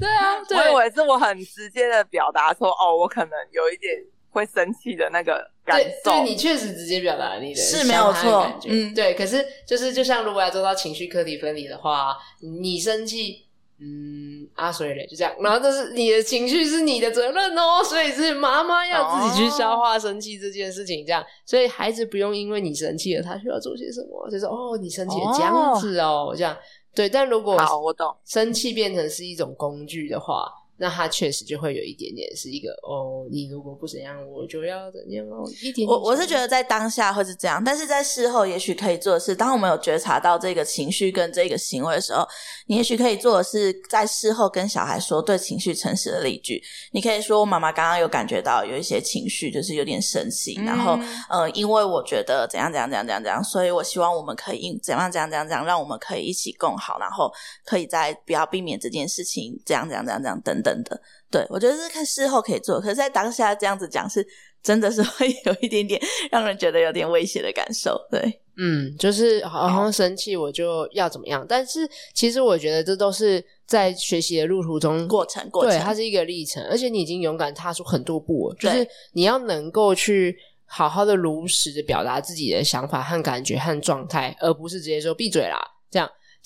對啊，對，所以我也是我很直接的表達說，哦，我可能有一點。會生氣的那個感受，感對，對，你確實直接表達了你的，的感覺是沒有錯，嗯，對。可是就是，就像如果要做到情緒課題分離的話，你，你生氣，嗯，啊，所以嘞，就這樣。然後就是你的情緒是你的責任哦，所以是媽媽要自己去消化生氣這件事情，哦、這樣。所以孩子不用因為你生氣了，他需要做些什麼，就說哦，你生氣了、哦，這樣子哦，這樣。對，但如果好，我懂，生氣變成是一種工具的話。那他確實就會有一點點是一個哦，你如果不怎樣，我就要怎樣、哦、一點點。我我是覺得在當下會是這樣，但是在事後也許可以做的是，當我們有覺察到這個情緒跟這個行為的時候，你也許可以做的是，在事後跟小孩說對情緒誠實的例句。你可以說：“我媽媽剛剛有感覺到有一些情緒，就是有點生氣，嗯、然後呃，因為我覺得怎樣怎樣怎樣怎樣怎樣，所以我希望我們可以怎樣怎樣怎樣怎樣，讓我們可以一起共好，然後可以再不要避免這件事情，這樣這樣這樣這樣等等。”真的，對我覺得是看事後可以做，可是，在當下這樣子講是真的是會有一點點讓人覺得有點威脅的感受。對，嗯，就是好好生氣我就要怎麼樣、嗯？但是其實我覺得這都是在學習的路途中過程，過程，對，它是一個歷程，而且你已經勇敢踏出很多步了，對，就是你要能夠去好好的如實的表達自己的想法和感覺和狀態，而不是直接說閉嘴啦。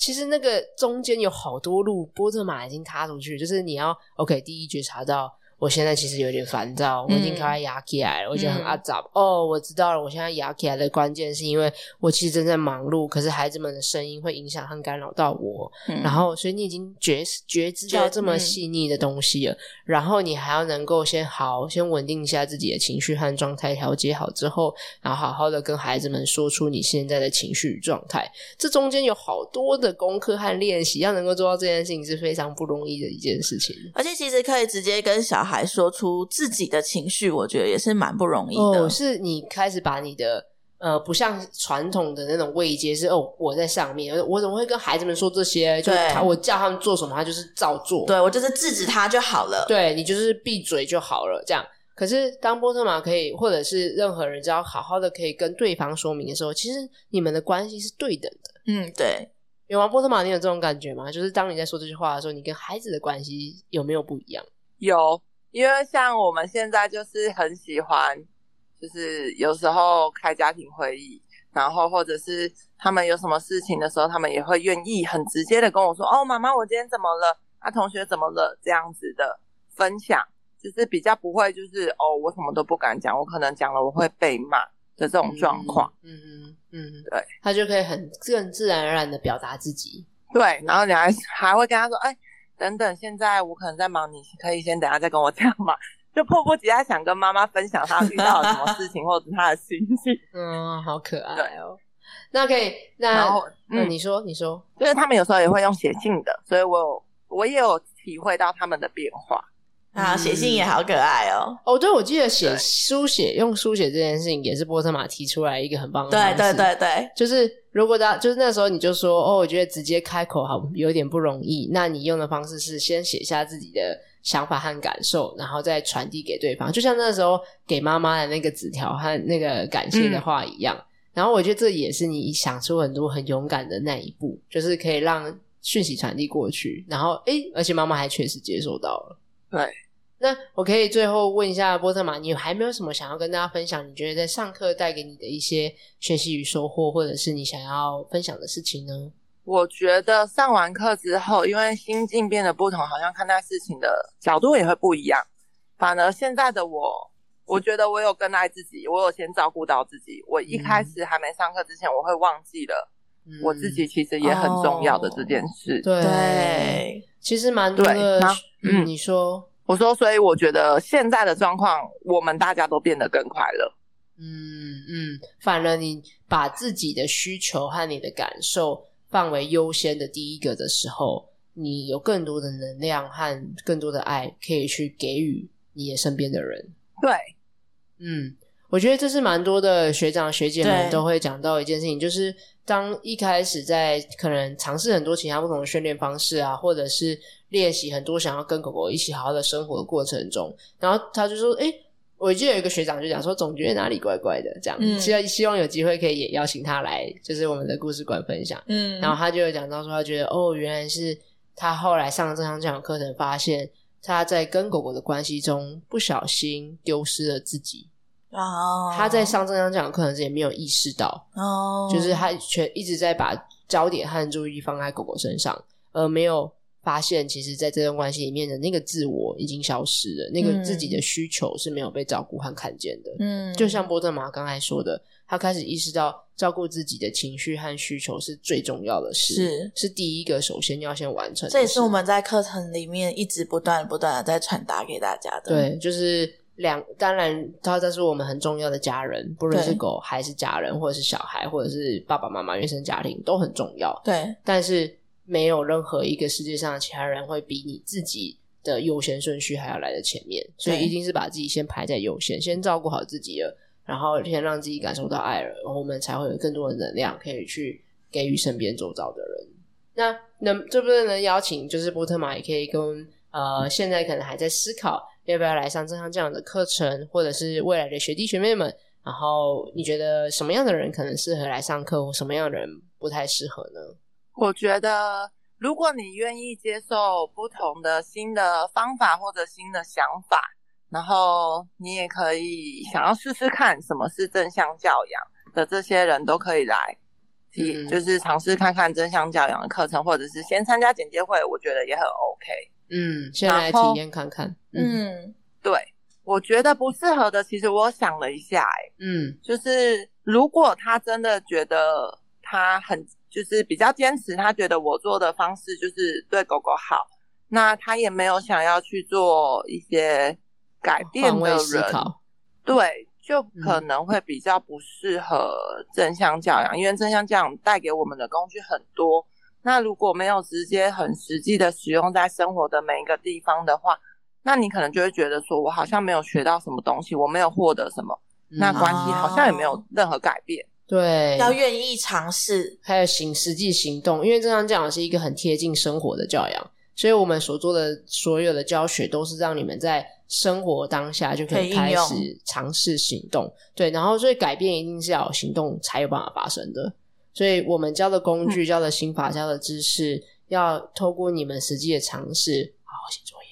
其實那個中間有好多路，波特麻已經塌出去，就是你要 OK，第一覺察到。我現在其實有點煩躁，我已經開始牙起來了，嗯，我覺得很阿雜，嗯。哦，我知道了，我現在牙起來的關鍵是因為我其實正在忙碌，可是孩子們的聲音會影響和干擾到我。嗯、然後，所以你已經覺覺知到這麼細膩的東西了，嗯，然後你還要能夠先好，先穩定一下自己的情緒和狀態，調節好之後，然後好好的跟孩子們說出你現在的情緒狀態。這中間有好多的功課和練習，要能夠做到這件事情是非常不容易的一件事情。而且其實可以直接跟小孩。還說出自己的情緒，我覺得也是蠻不容易的。哦、是，你開始把你的呃，不像傳統的那種位階，是哦，我在上面，我怎麼會跟孩子們說這些？對，就是、我叫他們做什麼，他就是照做。對我就是制止他就好了，對你就是閉嘴就好了。這樣，可是當波特麻可以，或者是任何人只要好好的可以跟對方說明的時候，其實你們的關係是對等的。嗯，對。有嗎波特麻，你有這種感覺嗎？就是當你在說這句話的時候，你跟孩子的關係有沒有不一樣？有。因為像我們現在就是很喜歡，就是有時候開家庭會議，然後或者是他們有什麼事情的時候，他們也會願意很直接的跟我說，哦，媽媽，我今天怎麼了？啊，同學怎麼了？這樣子的分享，就是比較不會就是哦，我什麼都不敢講，我可能講了我會被罵的這種狀況。嗯嗯嗯，對，他就可以很自然而然的表達自己。對，嗯、然後你還還會跟他說，哎。等等，現在我可能在忙，你可以先等下再跟我講嘛。就迫不及待想跟媽媽分享他遇到什麼事情 或者他的心情。 嗯，好可愛。對哦。那可以，那然後，嗯，那你說，你說，就是他們有時候也會用寫信的，所以我有我也有體會到他們的變化。啊，寫信也好可愛哦，喔嗯。哦，對，我記得寫書寫用書寫這件事情也是波特麻提出來一個很棒的。對對對對，就是如果他就是那時候你就說哦，我覺得直接開口好有點不容易，那你用的方式是先寫下自己的想法和感受，然後再傳遞給對方，就像那時候給媽媽的那個紙條和那個感謝的話一樣。嗯，然後我覺得這也是你想出很多很勇敢的那一步，就是可以讓訊息傳遞過去，然後哎，而且媽媽還確實接收到了。對，那我可以最後問一下波特麻，你還沒有什麼想要跟大家分享？你覺得在上課帶給你的一些學習與收穫，或者是你想要分享的事情呢？我覺得上完課之後，因為心境變得不同，好像看待事情的角度也會不一樣。反而現在的我，我覺得我有更愛自己，我有先照顧到自己。我一開始還沒上課之前，我會忘記了我自己其實也很重要的這件事。嗯哦、對，其實蠻多的。對嗯，你說，我說，所以我覺得現在的狀況，我們大家都變得更快樂。嗯嗯，反而你把自己的需求和你的感受放為優先的第一個的時候，你有更多的能量和更多的愛可以去給予你的身邊的人。對，嗯，我覺得這是蠻多的學長學姐們都會講到一件事情，就是。當一開始在可能嘗試很多其他不同的訓練方式啊，或者是練習很多想要跟狗狗一起好好的生活的過程中，然後他就說：“哎，我記得有一個學長就講說，總覺得哪裡怪怪的這樣。”嗯，期希望有機會可以也邀請他來，就是我們的故事館分享。嗯，然後他就有講到說，他覺得哦，原來是他後來上了正向教養課程，發現他在跟狗狗的關係中不小心丟失了自己。Oh. 他在上這堂講的課程時也沒有意識到，oh. 就是他全一直在把焦點和注意力放在狗狗身上，而沒有發現其實在這段關係裡面的那個自我已經消失了，嗯、那個自己的需求是沒有被照顧和看見的。嗯，就像波特麻剛才說的，他開始意識到照顧自己的情緒和需求是最重要的事，是是第一個首先要先完成的事，這也是我們在課程裡面一直不斷不斷的在傳達給大家的。對，就是。兩當然，他這是我們很重要的家人，不論是狗還是家人，或者是小孩，或者是爸爸媽媽原生家庭都很重要。對，但是沒有任何一個世界上的其他人會比你自己的優先順序還要來的前面，所以一定是把自己先排在優先，先照顧好自己了，然後先讓自己感受到愛了，然後我們才會有更多的能量可以去給予身邊周遭的人。那能這不對，能邀請就是波特麻也可以跟呃，現在可能還在思考。要不要來上正向教養的課程，或者是未來的學弟學妹們？然後你覺得什麼樣的人可能適合來上課，或什麼樣的人不太適合呢？我覺得，如果你願意接受不同的新的方法或者新的想法，然後你也可以想要試試看什麼是正向教養的這些人都可以來，嗯，就是嘗試看看正向教養的課程，或者是先參加簡介會，我覺得也很 OK。嗯，先來體驗看看。嗯，對，我覺得不適合的，其實我想了一下、欸，哎，嗯，就是如果他真的覺得他很，就是比較堅持，他覺得我做的方式就是對狗狗好，那他也沒有想要去做一些改變的人，哦、對，就可能會比較不適合正向教養，嗯，因為正向教養帶給我們的工具很多。那如果沒有直接很實際的使用在生活的每一個地方的話，那你可能就會覺得說，我好像沒有學到什麼東西，我沒有獲得什麼，嗯、那個、關係好像也沒有任何改變。嗯哦、對，要願意嘗試，還有行實際行動，因為這樣講的是一個很貼近生活的教養，所以我們所做的所有的教學都是讓你們在生活當下就可以開始嘗試行動。對，然後所以改變一定是要有行動才有辦法發生的。所以我們教的工具、嗯、教的心法、教的知識，要透過你們實際的嘗試，好好寫作業。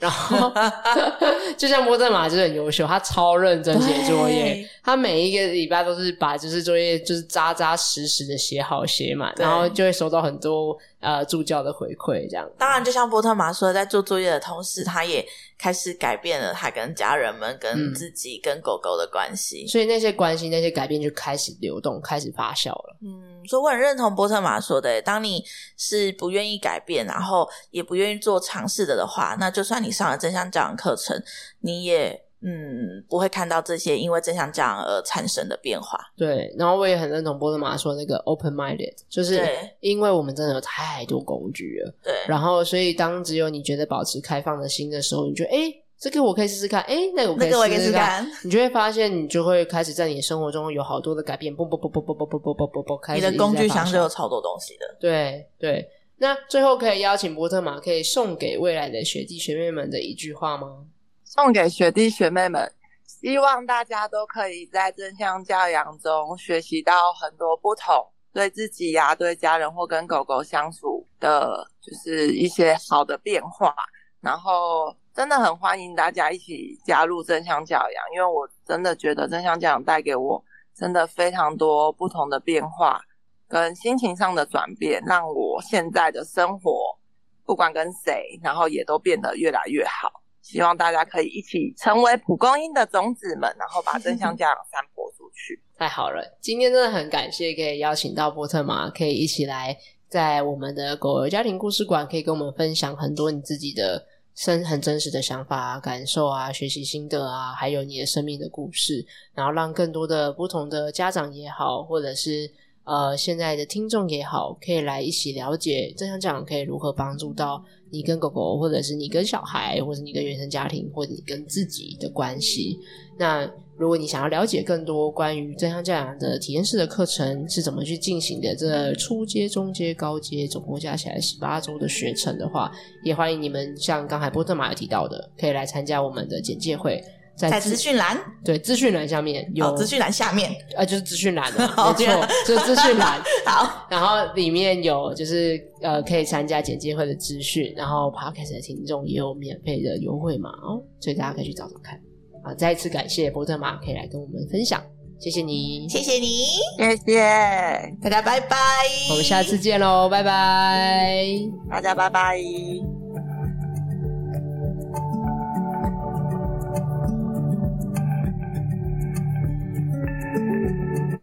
然後， 就像波特麻就是很優秀，他超認真寫作業，他每一個禮拜都是把就是作業就是扎扎實實的寫好寫滿，然後就會收到很多。呃，助教的回饋這樣。當然，就像波特麻說的，在做作業的同時，他也開始改變了他跟家人們、跟自己、嗯、跟狗狗的關係。所以那些關係、那些改變就開始流動，開始發酵了。嗯，所以我很認同波特麻說的：當你是不願意改變，然後也不願意做嘗試的的話，那就算你上了正向教養課程，你也，嗯，不會看到這些，因為正向講而產生的變化。對，然後我也很認同波特麻說那個 open minded，就是因為我們真的有太多工具了。對，然後所以當只有你覺得保持開放的心的時候，你就得哎、欸，這個我可以試試看，哎、欸那個，那個我可以試試看，你就會發現，你就會開始在你的生活中有好多的改變。你的工具箱是有超多東西的。對對，那最後可以邀請波特麻可以送給未來的學弟學妹們的一句話嗎？送給學弟學妹們，希望大家都可以在正向教養中學習到很多不同，對自己呀、啊，對家人或跟狗狗相處的，就是一些好的變化。然後真的很歡迎大家一起加入正向教養，因為我真的覺得正向教養帶給我真的非常多不同的變化跟心情上的轉變，讓我現在的生活不管跟誰，然後也都變得越來越好。希望大家可以一起成為蒲公英的種子們，然後把真相這樣散播出去。太好了，今天真的很感謝可以邀請到波特麻，可以一起來在我們的狗兒家庭故事館，可以跟我們分享很多你自己的很真實的想法、感受啊、學習心得啊，還有你的生命的故事，然後讓更多的不同的家長也好，或者是。呃，現在的聽眾也好，可以來一起了解正向教養可以如何幫助到你跟狗狗，或者是你跟小孩，或者是你跟原生家庭，或者你跟自己的關係。那如果你想要了解更多關於正向教養的體驗式的課程是怎麼去進行的，這個初階、中階、高階總共加起來十八周的學程的話，也歡迎你們像剛才波特麻有提到的，可以來參加我們的簡介會。在資訊欄，對，資訊欄下面有資訊欄下面，啊就是資訊欄，沒錯，就是資訊欄。 好，沒 好，然後裡面有就是呃，可以參加簡介會的資訊，然後 podcast 的，啊、聽眾也有免費的優惠嘛，哦，所以大家可以去找找看。好，再一次感謝波特麻可以來跟我們分享，謝謝你，謝謝你，謝、yes, 謝、yeah、大家，拜拜，我們下次見嘍，拜拜，大家拜拜。